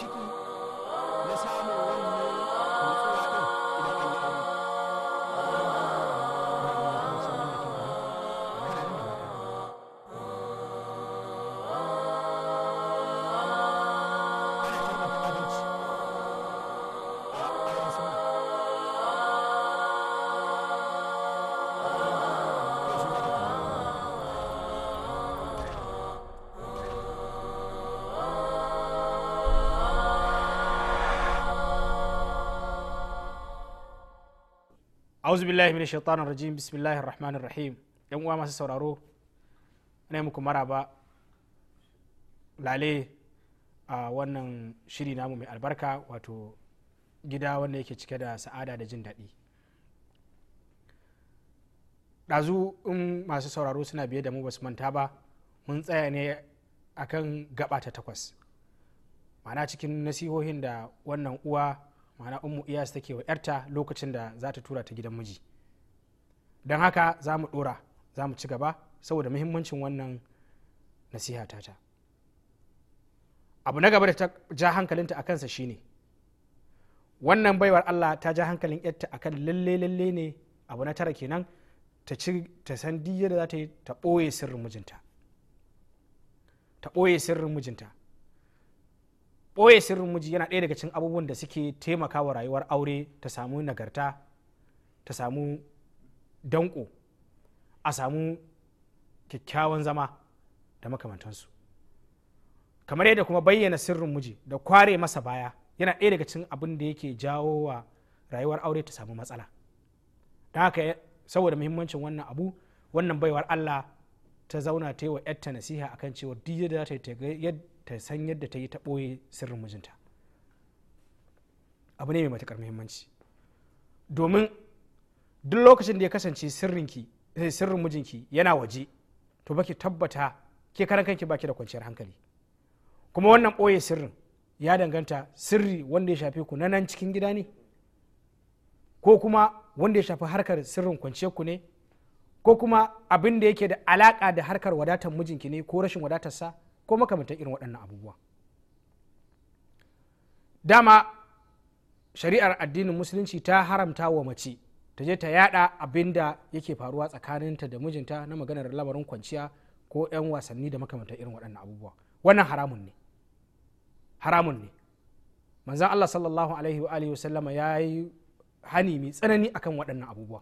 마시고 auzu billahi min shaitanir rajim bismillahir rahmanir rahim yan uwa masu sauraro ina muku maraba lale a wannan shiri namu mai albarka wato gida wanda yake cike da sa'ada da jin daɗi ɗazu in masu sauraro suna biye da mu basu manta ba mun tsaya ne akan gaba ta takwas mana cikin nasihohin da wannan uwa ma'ana ummu iyas take wa yarta lokacin da za ta tura ta gidan miji don haka za mu ɗora za mu ci gaba saboda muhimmancin wannan nasiha ta. abu na gaba da ta ja hankalinta a kansa shine wannan baiwar allah ta ja hankalin yarta akan lalle lalle ne abu na tara kenan ta ci ta san da za ta yi ta ɓoye sirrin mijinta ɓoye sirrin miji yana ɗaya daga cikin abubuwan da suke taimaka wa rayuwar aure ta samu nagarta ta samu danko a samu kyakkyawan zama da makamantansu kamar yadda kuma bayyana sirrin miji da kware masa baya yana ɗaya daga cikin abin da yake jawo wa rayuwar aure ta samu matsala don haka saboda muhimmancin wannan abu wannan baiwar allah ta zauna ta yi wa 'yarta nasiha akan cewa duk yadda za ta yi ta san yadda ta yi ta ɓoye sirrin mijinta abu ne mai matukar muhimmanci domin duk lokacin da ya kasance eh, sirrin mijinki yana waje to baki tabbata ke karan kanki baki da kwanciyar hankali kuma wannan ɓoye sirrin ya danganta sirri wanda ya shafi ku nan cikin gida ne ko kuma wanda ya shafi harkar sirrin kwanciyar ku ne ko kuma abin da yake da alaka da harkar wadatar mijinki ne ko rashin wadatarsa ko makamantan irin waɗannan abubuwa dama shari'ar addinin musulunci ta haramta wa mace ta je ta yada abin da yake faruwa tsakaninta da mijinta na maganar lamarin kwanciya ko 'yan wasanni da makamantan irin waɗannan abubuwa wannan haramun ne haramun ne manzan allah sallallahu alaihi wa alihi wasallama ya yi hani mai tsanani akan waɗannan abubuwa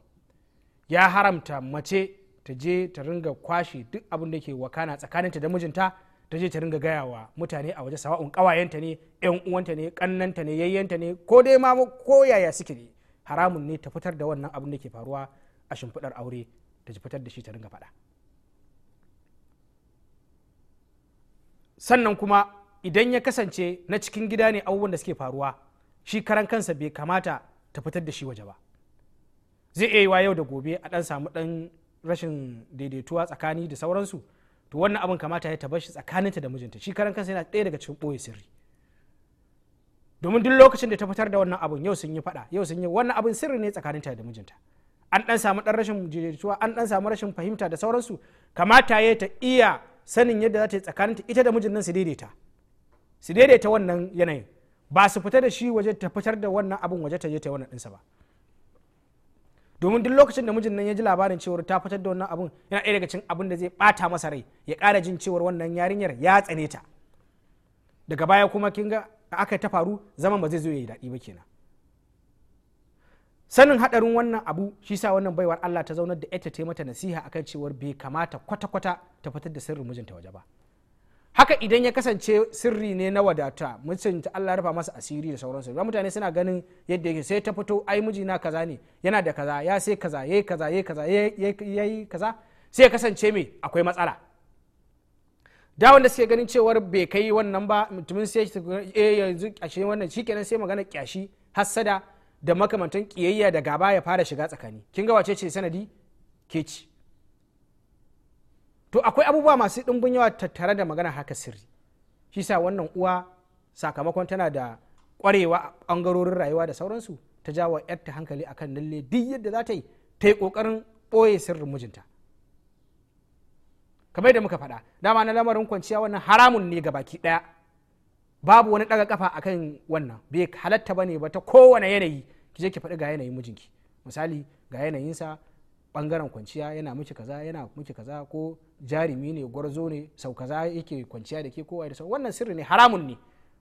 ya haramta mace ta je ta ringa kwashe duk abin da ke wakana tsakaninta da mijinta ta je ta ringa gaya wa mutane a waje sawa'un kawayenta ne yan uwanta ne kannanta ne yayyanta ne ko dai ma ko yaya suke ne haramun ne ta fitar da wannan abin da ke faruwa a shimfiɗar aure ta ji fitar da shi ta ringa faɗa sannan kuma idan ya kasance na cikin gida ne abubuwan da suke faruwa shi karan kansa bai kamata ta fitar da shi waje ba zai iya yi wa yau da gobe a ɗan samu ɗan rashin daidaituwa tsakani da sauransu to wannan abin kamata ya tabashi tsakaninta da mijinta shi karan kansa yana ɗaya daga cikin ɓoye sirri domin duk lokacin da ta fitar da wannan abin yau sun yi faɗa yau sun yi wannan abin sirri ne tsakaninta da mijinta an ɗan samu ɗan rashin jijirtuwa an ɗan samu rashin fahimta da sauransu kamata ya ta iya sanin yadda za ta yi tsakaninta ita da mijin nan su daidaita su daidaita wannan yanayin ba su fita da shi waje ta fitar da wannan abin waje ta je ta yi wannan ɗinsa ba domin duk lokacin da mijin nan ya ji labarin cewar ta fitar da wannan abun yana ɗaya daga cikin abin da zai ɓata masa rai ya kara jin cewar wannan yarinyar ya tsane ta daga baya kuma kin ga aka ta faru zaman ba zai zo ya yi daɗi ba kenan sanin haɗarin wannan abu shi sa wannan baiwar Allah ta zaunar da ita ta mata nasiha akan cewar bai kamata kwata-kwata ta fitar da sirrin mijinta waje ba haka idan ya kasance sirri ne na wadata ta Allah rufa masa asiri da sauransu ba mutane suna ganin yadda yake sai ta fito ai mijina kaza ne yana da kaza ya sai kaza yayi kaza yayi kaza yayi kaza sai ya kasance me akwai matsala da wanda suke ganin cewar bai kai wannan ba mutumin sai eh yanzu kyashe wannan shikenan sai magana kyashi hassada da makamantan kiyayya da gaba ya fara shiga tsakani kin ga wace ce sanadi ke ci to akwai abubuwa masu ɗimbin yawa tattare da magana haka sirri shi sa wannan uwa sakamakon tana da ƙwarewa a ɓangarorin rayuwa da sauransu ta jawo yarta hankali a kan lalle duk yadda za ta yi ta yi ƙoƙarin ɓoye sirrin mijinta kamar da muka faɗa dama na lamarin kwanciya wannan haramun ne ga baki ɗaya babu wani ɗaga kafa akan wannan bai halatta ne ba ta kowane yanayi ki je ki faɗi ga yanayin mijinki misali ga yanayinsa ɓangaren kwanciya yana miki kaza yana miki kaza ko jarumi ne gwarzo ne sau kaza yake kwanciya da ke kowa da sau wannan sirri ne haramun ne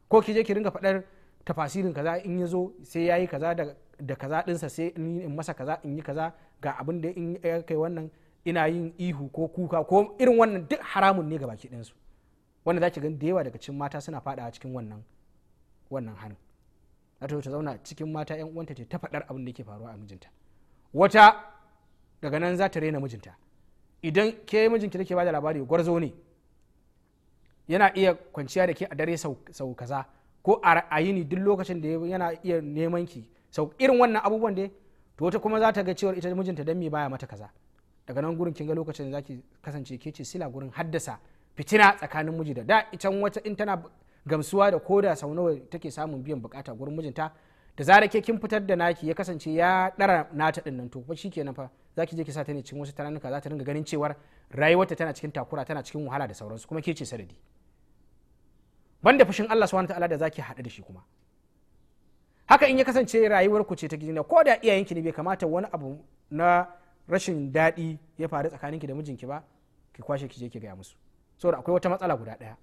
ko ki je ki ringa faɗar tafasirin kaza in ya zo sai ya yi kaza da kaza ɗinsa sai in masa kaza in yi kaza ga abin da in ya kai wannan ina yin ihu ko kuka ko irin wannan duk haramun ne ga baki ɗinsu wanda za ki gan da yawa daga cikin mata suna a cikin wannan wannan hanin ta ta zauna cikin mata yan uwanta ta faɗar abin da yake faruwa a mijinta wata daga nan za ta rena mijinta idan ke mijinki take bada labari gwarzo ne yana iya kwanciya da ke a dare sau kaza ko a yini duk lokacin da yana iya neman ki sau irin wannan abubuwan da to wata kuma za ta ga cewar ita mijinta dan me baya mata kaza daga nan gurin kin ga lokacin zaki kasance ke ce sila gurin haddasa fitina tsakanin miji da da ita wata in tana gamsuwa da koda sau nawa take samun biyan bukata gurin mijinta da zarar ke kin fitar da naki ya kasance ya dara nata din nan to shi shikenan fa zaki je ki sa ta ne cikin wasu taranuka za ta ringa ganin cewar rayuwarta tana cikin takura tana cikin wahala da sauransu kuma ke ce saradi banda fushin Allah subhanahu wataala da zaki haɗu da shi kuma haka in ya kasance rayuwar ku ce ta gidan ko da iyayenki ne bai kamata wani abu na rashin daɗi ya faru tsakaninki da mijinki ba ki kwashe ki je ki gaya musu saboda akwai wata matsala guda ɗaya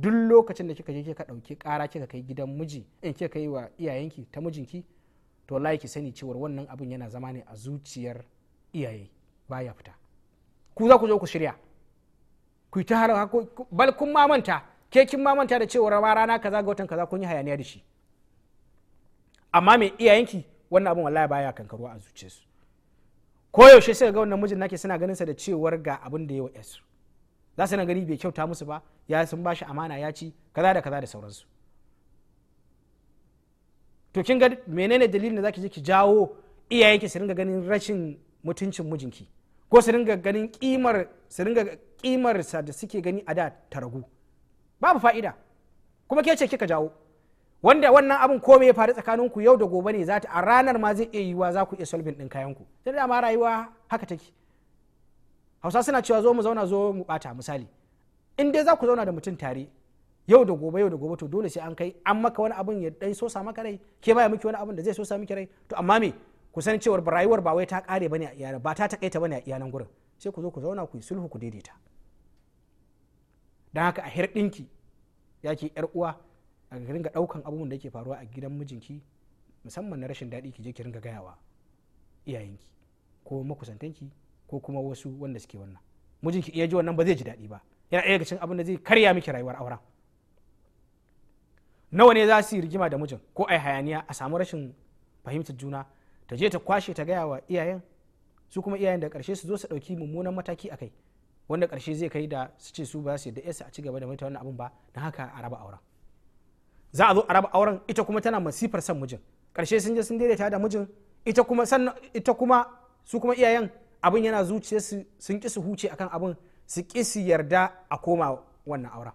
duk lokacin da kika je kika ɗauki ƙara kika kai gidan miji in kika kai wa iyayenki ta mijinki to wallahi ki sani cewar wannan abin yana zama ne a zuciyar iyaye baya fita ku za ku zo ku shirya ku ta har bal kun mamanta ke kin mamanta da cewar ma rana kaza ga watan kaza kun yi hayaniya da shi amma mai iyayenki wannan abin wallahi baya kankaruwa a zuciyarsu ko yaushe sai ga wannan mijin nake suna ganin sa da cewar ga abin da yawa yasu za su na gani bai kyauta musu ba ya sun shi amana ya ci kaza da kaza da sauransu to kin ga menene dalilin da zaki je ki jawo iyayenki su ringa ganin rashin mutuncin mijinki ko su ringa ganin kimar su ringa kimar sa da suke gani a da ta ragu babu fa'ida kuma ke ce kika jawo wanda wannan abin ko ya faru tsakaninku yau da gobe ne zata a ranar ma zai iya yiwuwa za ku iya solving din kayanku ku da ma rayuwa haka take hausa suna cewa zo mu zauna zo mu bata misali in dai za ku zauna da mutum tare yau da gobe yau da gobe to dole sai an kai an maka wani abun ya dai sosa maka rai ke ma ya miki wani abun da zai sosa miki rai to amma me ku san cewa rayuwar ba wai ta kare bane a iyalan ba ta takaita bane a iyalan gurin sai ku zo ku zauna ku yi sulhu ku daidaita dan haka a hirɗinki ya ke yar uwa a ringa daukan abubuwan da yake faruwa a gidan mijinki musamman na rashin daɗi ki je ki ringa gayawa iyayenki ko makusantanki ko kuma wasu wanda suke wannan mijinki iya ji wannan ba zai ji daɗi ba yana ɗaya cikin abin da zai karya miki rayuwar auren nawa ne za su yi rigima da mijin ko ai hayaniya a samu rashin fahimtar juna ta je ta kwashe ta gaya wa iyayen su kuma iyayen da karshe su zo su ɗauki mummunan mataki a kai wanda karshe zai kai da su ce su ba su yadda yasa a ci gaba da mata wannan abin ba na haka a raba auren za a zo a raba auren ita kuma tana masifar son mijin karshe sun je sun daidaita da mijin ita ita kuma su kuma iyayen abin yana zuciyarsu sun ki su huce akan abin su ƙi su yarda a koma wannan aura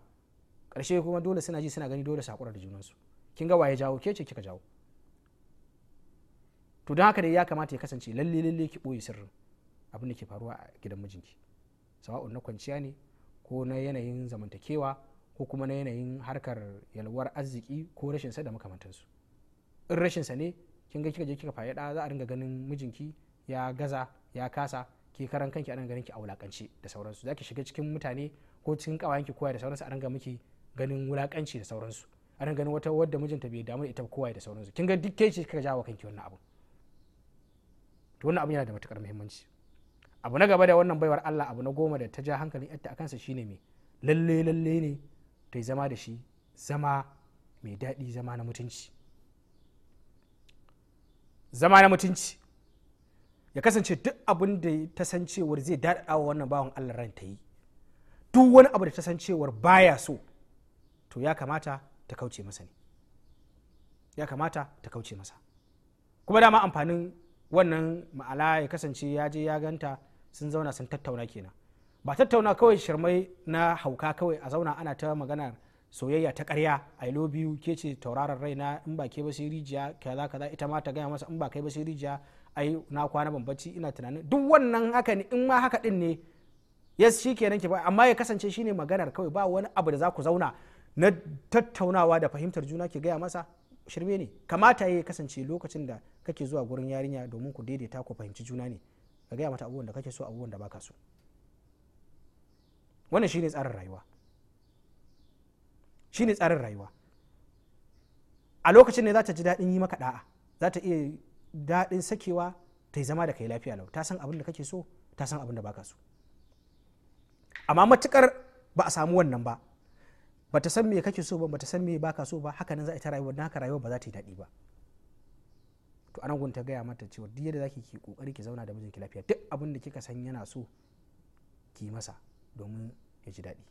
ƙarshe kuma dole suna ji suna gani dole sakura da junansu kin ga waye jawo ke ce kika jawo to don haka dai ya kamata ya kasance lalle lalle ki ɓoye sirrin abin da ke faruwa a gidan mijinki sawa'un na kwanciya ne ko na yanayin zamantakewa ko kuma na yanayin harkar yalwar arziki ko rashin sa da makamantansu in rashin sa ne kin ga kika je kika fayyada za a ringa ganin mijinki ya gaza ya kasa ke karan kanki a ganin ki a wulakanci da sauransu zaki shiga cikin mutane ko cikin kawayen ki da sauransu a ranga miki ganin wulakanci da sauransu a ranga wata wadda mijinta bai damu ita kowa da sauransu kin ga duk kai kika jawo kanki wannan abu to wannan abu yana da matukar muhimmanci abu na gaba da wannan baiwar Allah abu na goma da ta ja hankalin yatta a kansa shine me lalle lalle ne ta zama da shi zama mai daɗi zama na mutunci zama na mutunci ya kasance duk abin da ta san cewar zai daɗaɗa wa wannan bawan allah ran ta yi duk wani abu da ta san cewar baya so to ya kamata ta kauce masa ne ya kamata ta kauce masa kuma dama amfanin wannan ma'ala ya kasance ya je ya ganta sun zauna sun tattauna kenan ba tattauna kawai shirmai na hauka kawai a zauna ana ta magana soyayya ta karya a love you ke ce tauraron raina in ba ke ba sai rijiya kaza kaza ita ma ta gaya masa in ba kai ba sai rijiya ai na kwana ban bacci ina tunanin duk wannan haka ne in ma haka din ne yes shi kenan ke ba amma ya kasance shine maganar kawai ba wani abu da za ku zauna na tattaunawa da fahimtar juna ke gaya masa shirme ne kamata ya kasance lokacin da kake zuwa gurin yarinya domin ku daidaita ku fahimci juna ne ka gaya mata abubuwan da kake so abubuwan da baka so wannan shine tsarin rayuwa shine tsarin rayuwa a lokacin ne za ta ji daɗin yi maka da'a za ta iya daɗin sakewa ta yi zama da kai lafiya lau ta san abin da kake so ta san abin da baka so amma matukar ba a samu wannan ba ba ta san me kake so ba ba ta san me baka so ba haka nan za a ta rayuwa dan haka rayuwa ba za ta yi daɗi ba to anan gunta gaya mata cewa duk yadda zaki ki kokari ki zauna da mijinki lafiya duk abin da kika san yana so ki masa domin ya ji daɗi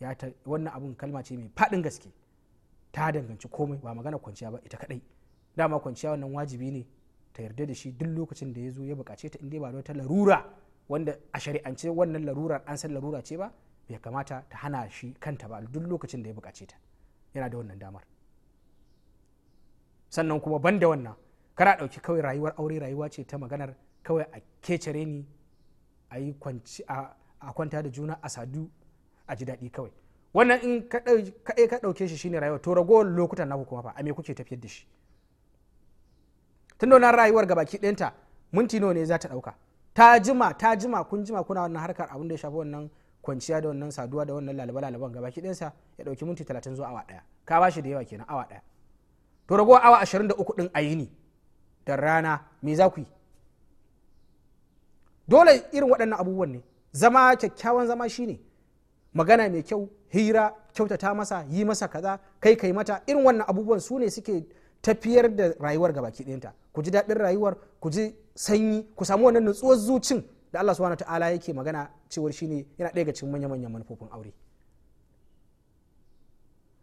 ya ta wannan abun kalma ce mai faɗin gaske ta danganci komai ba magana kwanciya ba ita kadai dama kwanciya wannan wajibi ne ta yarda da shi duk lokacin da ya zo ya bukace ta inda ba da wata larura wanda a shari'ance wannan larura an san larura ce ba bai kamata ta hana shi kanta ba duk lokacin da ya bukace ta yana da wannan damar sannan kuma ban da wannan kana ɗauki kawai rayuwar aure rayuwa ce ta maganar kawai a kecere ni a yi kwanta da juna a sadu a ji daɗi kawai wannan in kaɗai ka ɗauke shi shine rayuwa to ragowar lokutan naku kuma fa a me kuke tafiyar da shi tun rayuwar rayuwar gabaki ɗinta minti nawa ne za ta ɗauka ta jima ta jima kun jima kuna wannan harkar abin da ya shafi wannan kwanciya da wannan saduwa da wannan lalaba lalaban gabaki ɗinsa ya ɗauki minti talatin zuwa awa ɗaya ka ba shi da yawa kenan awa ɗaya to ragowa awa ashirin da uku ɗin a yini da rana me za ku yi dole irin waɗannan abubuwan ne zama kyakkyawan zama shine magana mai kyau hira kyautata masa yi masa kaza kai kai mata irin wannan abubuwan su ne suke tafiyar da rayuwar ga baki ɗinta ku ji daɗin rayuwar ku ji sanyi ku samu wannan nutsuwar zucin da Allah subhanahu ta'ala yake magana cewar shine yana ɗaya ga cikin manya-manyan manufofin aure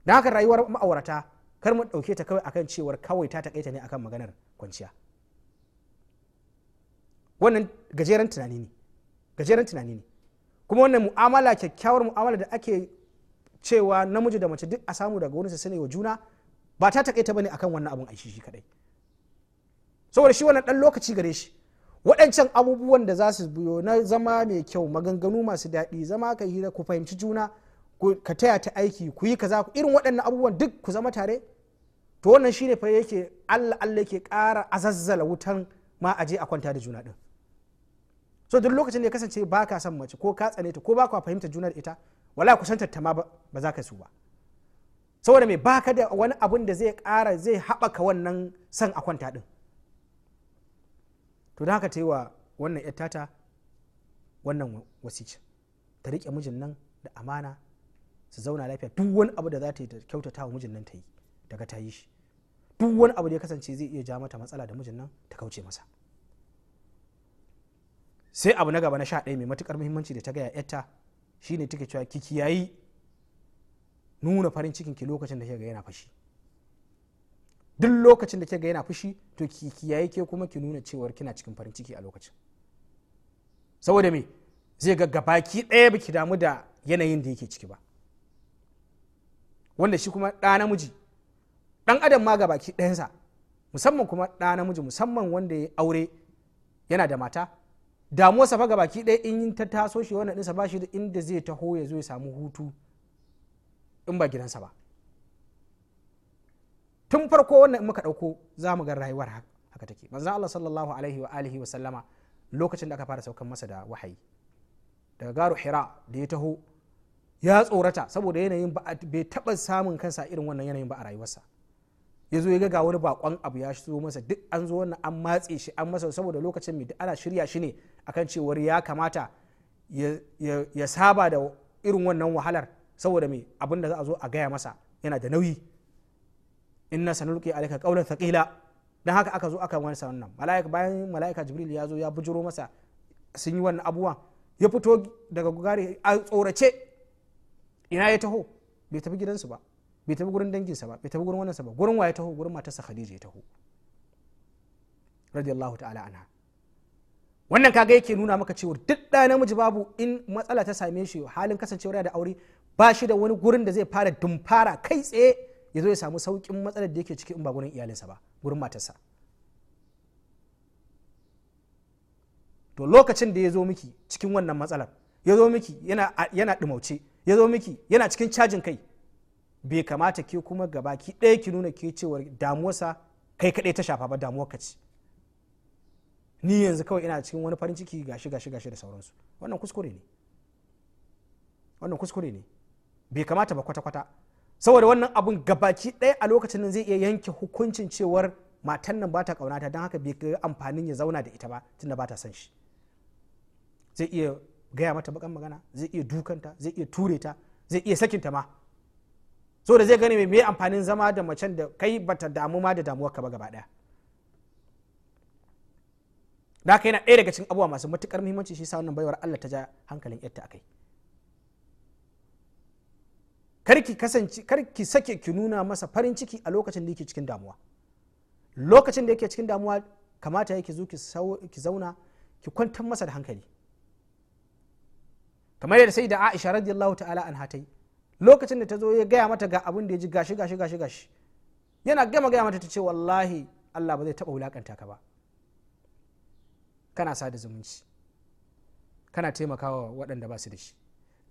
da haka rayuwar ma'aurata kar mu ɗauke ta kawai akan cewar kawai ta taƙaita ne akan maganar kwanciya wannan gajeren tunani ne gajeren tunani ne kuma wannan mu'amala kyakkyawar mu'amala da ake cewa namiji da mace duk a samu daga wani su wa juna ba ta takaita bane akan wannan abun aishi shi kadai saboda shi wannan dan lokaci gare shi waɗancan abubuwan da za su biyo na zama mai kyau maganganu masu daɗi zama ka hira ku fahimci juna ka taya ta aiki ku yi kaza irin waɗannan abubuwan duk ku zama tare to wannan shine fa yake Allah Allah yake ƙara azazzala wutan ma aje a kwanta da juna din so duk lokacin da ya kasance baka son mace ko ka tsane ta ko baka fahimta juna da ita wala kusantar ta ma ba za ka su ba saboda mai baka da wani abun da zai kara zai haɓaka wannan san a kwanta ɗin to da haka ta yi wa wannan yattata wannan wasici ta riƙe mijin nan da amana su zauna lafiya duk wani abu da za ta yi ta kyautata wa mijin nan ta yi daga ta yi shi duk wani abu da ya kasance zai iya ja mata matsala da mijin nan ta kauce masa sai abu na gaba na sha ɗaya mai matuƙar muhimmanci da ta gaya yatta shine take cewa ki kiyayi nuna farin cikin ki lokacin da kika ga yana fashi duk lokacin da kika ga yana fushi to ki kiyaye ke kuma ki nuna cewar kina cikin farin ciki a lokacin saboda me zai ga gabaki ɗaya baki damu da yanayin da yake ciki ba wanda shi kuma ɗa namiji ɗan adam ma gabaki ɗayansa musamman kuma ɗa namiji musamman wanda ya aure yana da mata damuwarsa fa gabaki ɗaya in ta taso shi wannan ɗinsa ba shi da inda zai taho ya zo ya samu hutu in ba gidansa ba tun farko wannan in muka ɗauko za mu ga rayuwar haka take manzan Allah sallallahu alaihi wa alihi wa sallama lokacin da aka fara saukan masa da wahayi daga garu hira da ya taho ya tsorata saboda yanayin ba bai taɓa samun kansa irin wannan yanayin ba a rayuwarsa ya zo ya ga wani bakon abu ya shigo masa duk an zo wannan an matse shi an masa saboda lokacin mai ana shirya shi ne akan cewar ya kamata ya saba da irin wannan wahalar saboda mai abin da za a zo a gaya masa yana da nauyi inna sanulqi alaka qawlan thaqila dan haka aka zo aka wani wannan mala'ika bayan mala'ika jibril ya zo ya bujuro masa sun yi wannan abuwa ya fito daga gugare a tsorace ina ya taho bai tafi gidansu ba bai tafi gurin danginsa ba bai tafi gurin wannan ba gurin waye taho gurin matarsa khadija ya taho radiyallahu ta'ala anha wannan kaga yake nuna maka cewa duk da namiji babu in matsala ta same shi halin kasancewar da aure ba shi da wani gurin da zai fara dumfara kai tsaye ya zo ya samu saukin matsalar da yake ciki in ba gurin iyalinsa ba gurin matarsa to lokacin da ya zo miki cikin wannan matsalar ya zo miki yana ɗumauce ya zo miki yana cikin cajin kai bai kamata ke kuma ki ɗaya ki nuna ke cewar damuwarsa kai kaɗai ta shafa ba damuwar ka ce ni yanzu kawai ina cikin wani farin ciki gashi gashi gashi da sauransu wannan kuskure ne wannan kuskure ne bai kamata ba kwata-kwata saboda wannan abun gabaki ɗaya a lokacin nan zai iya yanke hukuncin cewar matan nan ba bata kaunata don haka bai ga amfanin ya zauna da ita ba tunda bata son shi zai iya gaya mata bakan magana zai iya dukanta zai iya ture ta zai iya sakinta ma so da zai gane mai amfanin zama da macen da kai bata damu ma da damuwar ka ba gaba ɗaya da haka yana ɗaya daga cikin abubuwa masu matukar muhimmanci shi sa wannan baiwar Allah ta ja hankalin yarta akai kar ki ki sake ki nuna masa farin ciki a lokacin da yake cikin damuwa lokacin da yake cikin damuwa kamata yake zo ki zauna ki kwantar masa da hankali kamar yadda sai da Aisha radiyallahu ta'ala an hatai lokacin da ta zo ya gaya mata ga abin da ya ji gashi gashi gashi gashi yana gama gaya mata ta ce wallahi Allah ba zai taba wulakanta ka ba kana sada zumunci kana taimakawa waɗanda ba su da shi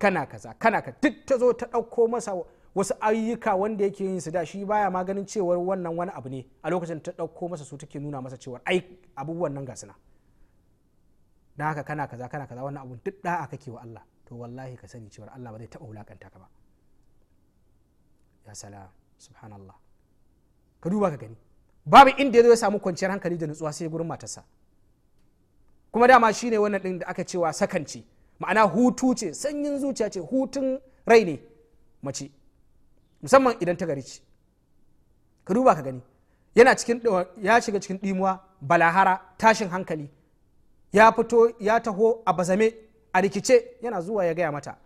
kana kaza kana ka duk ta zo ta ɗauko masa wasu ayyuka wanda yake yin su da shi baya ma ganin cewar wannan wani abu ne a lokacin ta ɗauko masa su take nuna masa cewar ai abubuwan nan ga suna don haka kana kaza kana kaza wannan abun duk da'a kake wa Allah to wallahi ka sani cewar Allah ba zai taɓa wulakanta ka ba ya sala subhanallah ka duba ka gani babu inda ya ya samu kwanciyar hankali da nutsuwa sai gurin matarsa kuma dama shine wannan din da aka cewa sakanci ma'ana hutu ce sanyin zuciya ce hutun rai ne mace musamman idan ta gari ce ka duba ka gani yana cikin ya shiga cikin dimuwa balahara tashin hankali ya fito ya taho a bazame a rikice yana zuwa ya gaya mata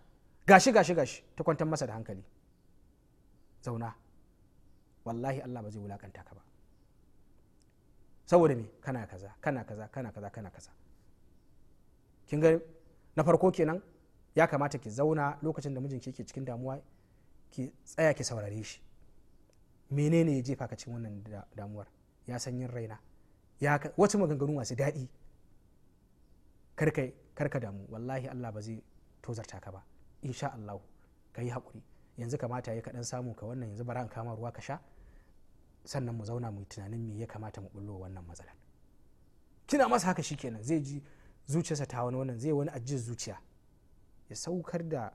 gashi gashi gashi ta kwantar masa da hankali zauna wallahi allah ba zai wulakanta ka ba saboda me kana kaza kana kaza kana kaza kana kaza kin ga na farko kenan ya kamata ki zauna lokacin da mijinki ke cikin damuwa ki tsaya ki saurare shi menene ya jefa ka cikin wannan damuwar ya san yin raina ya wasu maganganu masu daɗi karka damu wallahi Allah ba zai tozarta ka ba insha Allah ka yi haƙuri yanzu kamata ya kaɗan samu ka wannan yanzu bara kama ruwa ka sha sannan mu zauna mu tunanin me ya kamata mu bullo wannan matsalar kina masa haka shi kenan zai ji zuciyarsa ta wani wannan zai wani ajiyar zuciya ya saukar da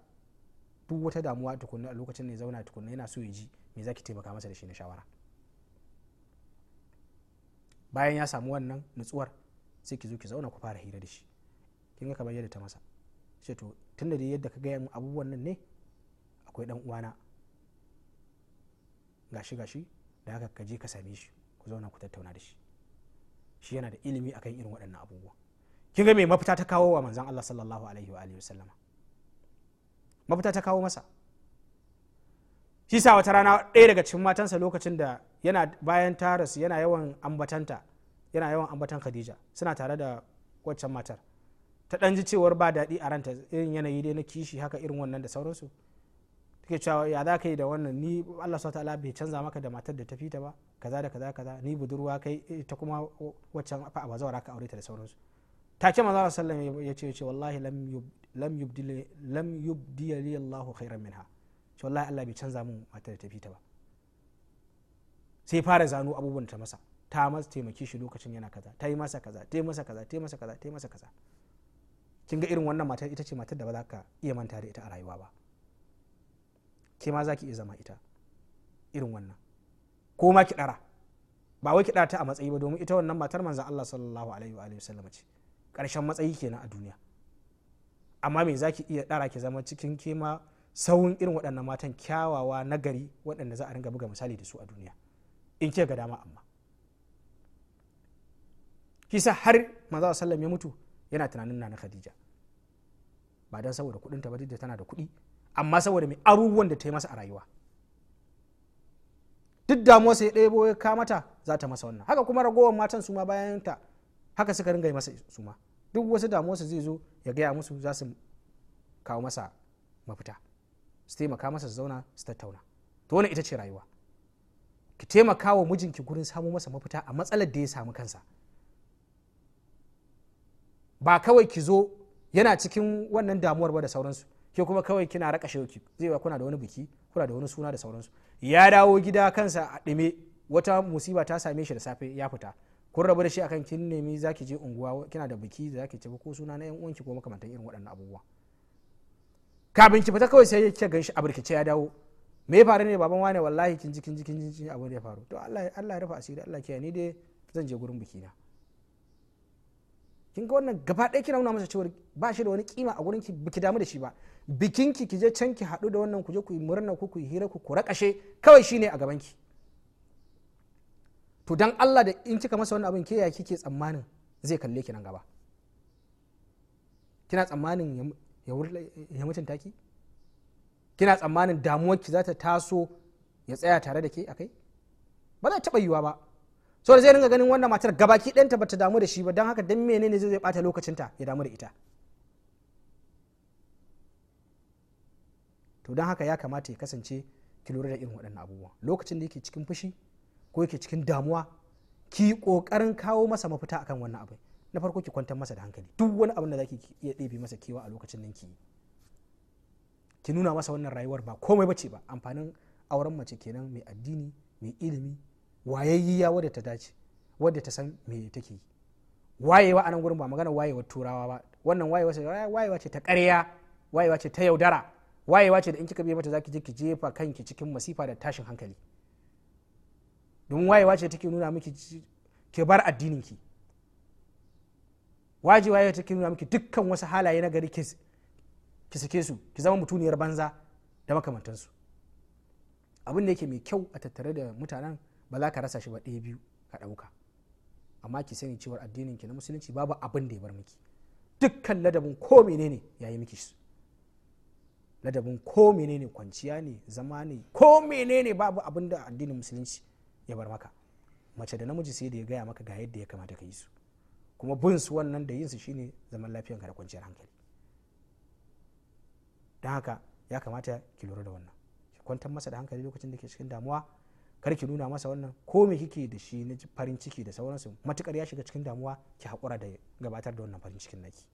duk wata damuwa tukunna a lokacin da ya zauna tukunna yana so ya ji me zaki taimaka masa da shi na shawara bayan ya samu wannan nutsuwar sai ki zo ki zauna ku fara hira da shi kin ga kamar yadda ta masa ce to tunda da yadda ka gaya min abubuwan nan ne akwai dan uwana gashi gashi da haka ka je ka same shi ku zauna ku tattauna da shi shi yana da ilimi akan irin waɗannan abubuwa. kin ga mai mafita ta kawo wa manzon Allah sallallahu alaihi wa alihi wasallama mafita ta kawo masa shi sa wata rana ɗaya daga cikin matansa lokacin da yana bayan taras yana yawan ambatanta yana yawan ambatan Khadija suna tare da waccan matar ta ɗan ji cewar ba daɗi a ranta irin yanayi dai na kishi haka irin wannan da sauransu take cewa ya za ka yi da wannan ni Allah subhanahu ta'ala bai canza maka da matar da ta fita ba kaza da kaza kaza ni budurwa kai ta kuma waccan fa'a a bazawara ka aure ta da sauransu ta ce sallallahu sallam ya ce wallahi lam yubdi lam yubdi li Allahu khairan minha ce wallahi Allah bai canza mun mata da tafi ta ba sai fara zano abubuwan ta masa ta masa taimaki shi lokacin yana kaza ta yi masa kaza ta yi masa kaza ta yi masa kaza ta yi masa kaza kin ga irin wannan matar ita ce matar da ba za ka iya manta da ita a rayuwa ba ke ma za ki iya zama ita irin wannan ko ma ki dara ba wai ki dara ta a matsayi ba domin ita wannan matar manzan Allah sallallahu alaihi wa alihi wasallam ce Karshen matsayi kenan a duniya amma me za ki iya ɗara ki zama cikin kima sauyin irin waɗannan matan kyawawa na gari waɗanda za a ringa buga misali da su a duniya in ke ga dama amma kisa har maza sallam ya mutu yana tunanin na na khadija ba dan saboda kuɗin ta ba da tana da kuɗi amma saboda mai abubuwan da ta yi masa a rayuwa duk damuwa sai ɗaya ya kamata mata za ta masa wannan haka kuma ragowar matan su ma bayan ta haka suka ringa masa su ma duk wasu damuwarsa zai zo ya gaya musu za su kawo masa mafita su taimaka masa su zauna su tattauna to wannan ita ce rayuwa ki taimaka wa mijinki gurin samu masa mafita a matsalar da ya samu kansa ba kawai ki zo yana cikin wannan damuwar ba da sauransu ke kuma kawai kina raka shauki zai ba kuna da wani biki kuna da wani suna da sauransu ya dawo gida kansa a ɗime wata musiba ta same shi da safe ya fita kun rabu da shi akan kin nemi ki je unguwa kina da biki da zaki ci ko suna na yan uwanki ko makamantan irin waɗannan abubuwa kafin ki fita kawai sai ya kika ganshi abirkice ya dawo me ya faru ne baban wane wallahi kin ji kin ji kin ji abin ya faru to Allah Allah ya rufa asiri Allah kiyaye ni dai zan je gurin biki na kin ga wannan gaba ɗaya kina nuna masa cewa ba shi da wani kima a gurin ki biki damu da shi ba bikin ki ki je can ki haɗu da wannan ku je ku yi murna ku ku yi hira ku ku raƙashe kawai shine a gaban ki to dan Allah da in kika masa wani abin ke ya kike tsammanin zai kalle ki nan gaba kina tsammanin ya mutunta ki kina tsammanin damuwar ki za ta taso ya tsaya tare da ke akai ba za ta taba yiwa ba so da zai ringa ganin wannan matar gabaki ɗanta bata damu da shi ba dan haka dan menene zai bata lokacinta ya damu da ita to don haka ya kamata ya kasance ki lura da irin waɗannan abubuwa lokacin da yake cikin fushi ko yake cikin damuwa ki kokarin kawo masa mafita akan wannan abin na farko ki kwantar masa da hankali duk wani abin da zaki iya ɗebe masa kewa a lokacin nan ki ki nuna masa wannan rayuwar ba komai bace ba amfanin auren mace kenan mai addini mai ilimi wayayyiya wadda ta dace wadda ta san me take yi wayewa a nan gurin ba magana wayewar turawa ba wannan wayewa ce wayewa ce ta ƙarya wayewa ce ta yaudara wayewa ce da in kika biye mata zaki je ki jefa kanki cikin masifa da tashin hankali domin wayewa ce take nuna miki ke bar addinin ki wajewa ya take nuna miki dukkan wasu halaye na gari ki sake su ki zama mutuniyar banza da makamantansu abin da yake mai kyau a tattare da mutanen ba za ka rasa shi ba ɗaya biyu ka ɗauka amma ki sani cewar addinin ki na musulunci babu abin da ya bar miki dukkan ladabin ko menene ya yi miki su ladabin ko menene kwanciya ne zama ne ko menene babu abin da addinin musulunci ya bar maka mace da namiji sai da ya gaya maka ga yadda ya kamata ka yi su kuma bin su wannan da yin su shine zaman ka da kwanciyar hankali don haka ya kamata ki lura da wannan ki kwantar masa da hankali lokacin da ke cikin damuwa kar ki nuna masa wannan ko me kike da shi na farin ciki da sauransu matukar ya shiga cikin damuwa ki hakura da gabatar da wannan farin cikin naki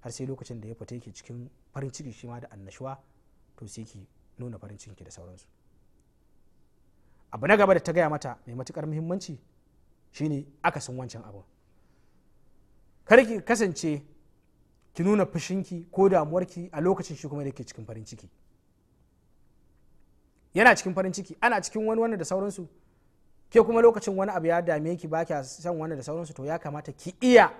har sai lokacin da ya fita yake cikin farin ciki shi ma da annashuwa to sai ki nuna farin cikin ki da sauransu abu na gaba da ta gaya mata mai matukar muhimmanci shine akasin wancan abin kar ki kasance ki nuna fushinki ko damuwarki a lokacin shi kuma da ke cikin farin ciki yana cikin farin ciki ana cikin wani wannan da sauransu ke kuma lokacin wani abu ya dame ki ba kya san wani da sauransu to ya kamata ki iya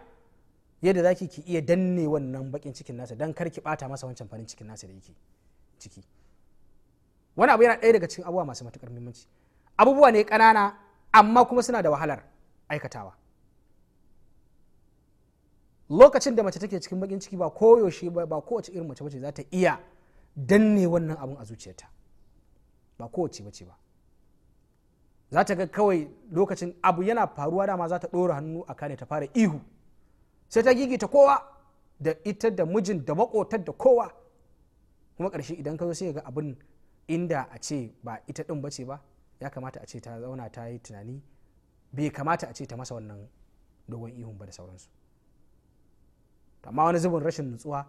yadda za ki iya danne wannan bakin cikin nasa don kar ki bata masa wancan farin cikin nasa da yake ciki wani abu yana ɗaya daga cikin abubuwa masu matukar muhimmanci abubuwa ne ƙanana amma kuma suna da wahalar aikatawa lokacin da mace take cikin bakin ciki ba koyaushe ba kowace irin mace bace za ta iya danne wannan abun a zuciyarta ba kowace bace ba za ta ga kawai lokacin abu yana faruwa dama za ta ɗora hannu a kane ta fara ihu sai ta gigita kowa da ita da mijin da makotar da kowa kuma ƙarshe idan ka zo sai ga abin inda a ce ba ita ɗin bace ba ya kamata a ce ta zauna ta yi tunani bai kamata a ce ta masa wannan dogon ihun ba da sauransu amma wani zubin rashin nutsuwa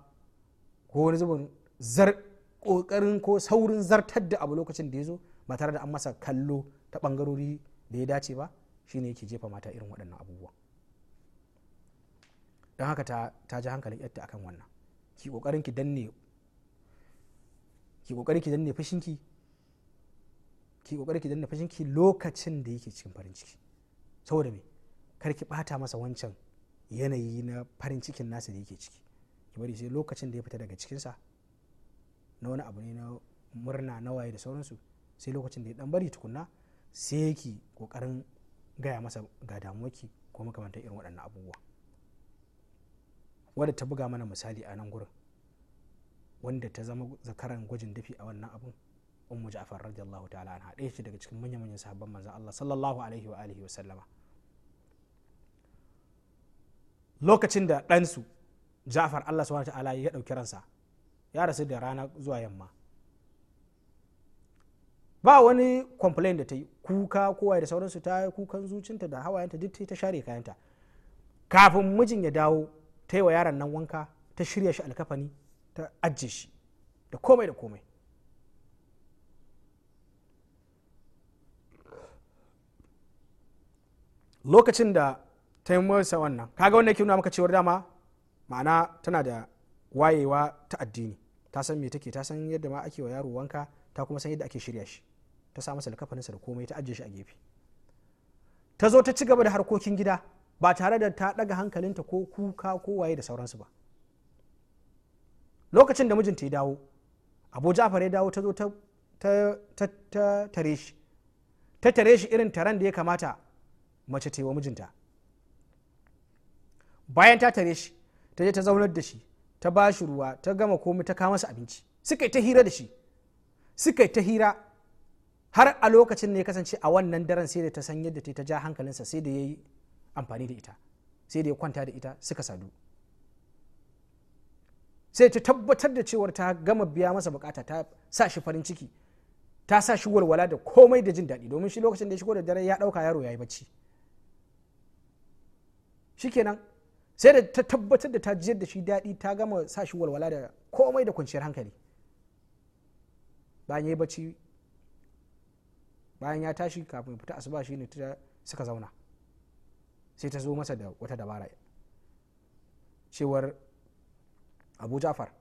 ko wani zubin zar kokarin ko saurin zartar da abu lokacin da ya zo ba tare da an masa kallo ta bangarori da ya dace ba shine yake jefa mata irin waɗannan abubuwa don haka ta ji hankalin yadda akan wannan ki ƙoƙarin ki danne ki ki danne fushinki ki kokari ki danna fashin ki lokacin da yake cikin farin ciki saboda me kar ki bata masa wancan yanayi na farin cikin nasa da yake ciki ki bari sai lokacin da ya fita daga cikinsa na wani abu ne na murna na waye da sauransu sai lokacin da ya dan bari tukunna sai ki kokarin gaya masa ga ki, ko makamantar irin waɗannan abubuwa wadda ta buga mana misali a nan gurin wanda ta zama zakaran gwajin dafi a wannan abun ummu ja'far radiyallahu ta'ala anha ɗaya ce daga cikin manyan manyan sahabban manzon Allah sallallahu alaihi wa alihi wa sallama lokacin da ɗansu ja'far Allah subhanahu ta'ala ya dauki ransa ya rasu da rana zuwa yamma ba wani complain da ta yi kuka kowa da sauransu ta yi kukan zucinta da hawayenta duk ta share kayanta kafin mijin ya dawo ta yi wa yaron nan wanka ta shirya shi alkafani ta ajiye shi da komai da komai lokacin da ta yi ga wannan kaga wannan ke nuna maka cewar dama ma'ana tana da wayewa ta addini ta san me take ta san yadda ma ake wa yaro wanka ta kuma san yadda ake shirya shi ta sa masa likafaninsa da komai ta ajiye shi a gefe ta zo ta ci gaba da harkokin gida ba tare da ta daga hankalinta ko kuka ko waye da sauransu ba lokacin da mijinta ya dawo abu ja'far ya dawo ta zo ta tare shi ta tare shi irin taren da ya kamata mace ta yi wa mijinta bayan ta tare shi ta je ta zaunar da shi ta ba shi ruwa ta gama komai ta kawo masa abinci suka yi ta hira da shi suka yi ta hira har a lokacin ne ya kasance a wannan daren sai da ta san yadda ta ja hankalinsa sai da ya yi amfani da ita sai da ya kwanta da ita suka sadu sai ta tabbatar da cewar ta gama biya masa bukata ta sa shi farin ciki ta sa shi walwala da komai da jin daɗi domin shi lokacin da ya shigo da dare ya ɗauka yaro ya yi bacci shikenan sai da ta tabbatar da ta jiyar da shi daɗi ta gama sashi walwala da komai da kwanciyar hankali bayan ya yi bacci bayan ya tashi kafin fita asuba shi ne suka zauna sai ta zo masa da wata dabara cewar abu jafar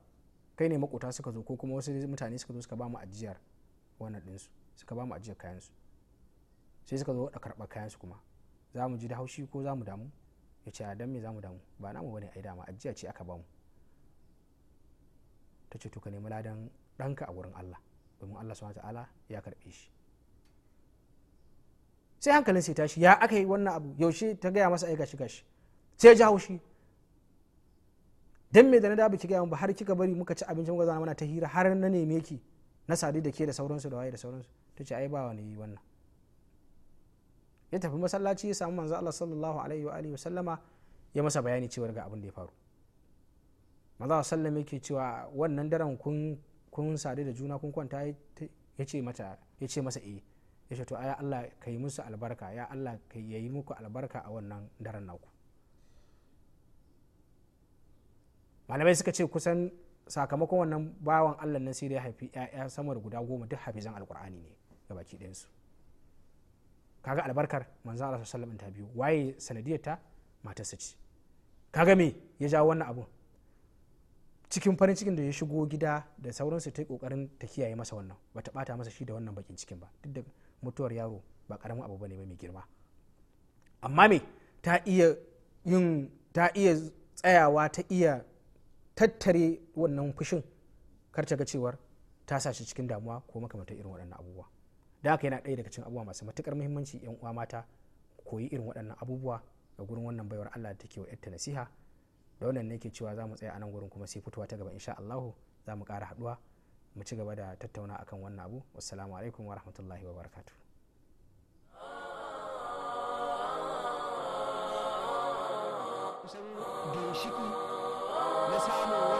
kai ne makota suka zo ko kuma wasu mutane suka zo suka ba mu ajiyar wannan ɗinsu suka ba mu ajiyar kayansu sai suka zo da karɓar kayansu kuma za mu ji da haushi ko za mu damu ya ce ah, dan me zamu damu ba namu bane ai dama ajiya ce aka bamu ta ce to ka nemi ladan ɗanka a wurin Allah domin Allah subhanahu ta'ala ya karbe shi sai hankalin sai tashi ya aka yi wannan abu yaushe ta gaya masa ai gashi gashi sai ya ji haushi dan me da na ba ki gaya ba har kika bari muka ci abinci muka zana mana ta hira har na neme ki na sadi da ke da sauransu da waye da sauransu ta ce ai ba wani wannan ya tafi masallaci ya samu manzo Allah sallallahu alaihi wa alihi wa sallama ya masa bayani cewa ga abin da ya faru manzo sallama yake cewa wannan daren kun kun sadu da juna kun kwanta ya ce mata ya ce masa eh ya ce to ya Allah ka yi musu albarka ya Allah ka yi muku albarka a wannan daren naku malamai suka ce kusan sakamakon wannan bawan Allah nan sai ya haifi 'ya'ya sama da guda goma duk hafizan alkur'ani ne ga baki ɗayansu kaga albarkar manzan Allah sallallahu alaihi ta biyu waye sanadiyar ta matarsa ce kaga me ya jawo wannan abu cikin farin cikin da ya shigo gida da sauransu ta yi kokarin ta kiyaye masa wannan bata bata masa shi da wannan bakin cikin ba duk da mutuwar yaro ba karamin abu bane mai girma amma me ta iya yin ta iya tsayawa ta iya tattare wannan fushin kar ta ga cewar ta sa cikin damuwa ko makamantar irin waɗannan abubuwa da haka yana ɗaya daga cikin abubuwa masu matukar muhimmanci yan uwa mata koyi irin waɗannan abubuwa ga gurin wannan baiwar Allah da take wa yarta nasiha da wannan ne ke cewa za mu tsaya a nan gurin kuma sai fitowa ta gaba insha Allahu za mu ƙara haɗuwa mu ci gaba da tattauna akan wannan abu wassalamu alaikum wa rahmatullahi wa barakatuh kusan ginshiki na samun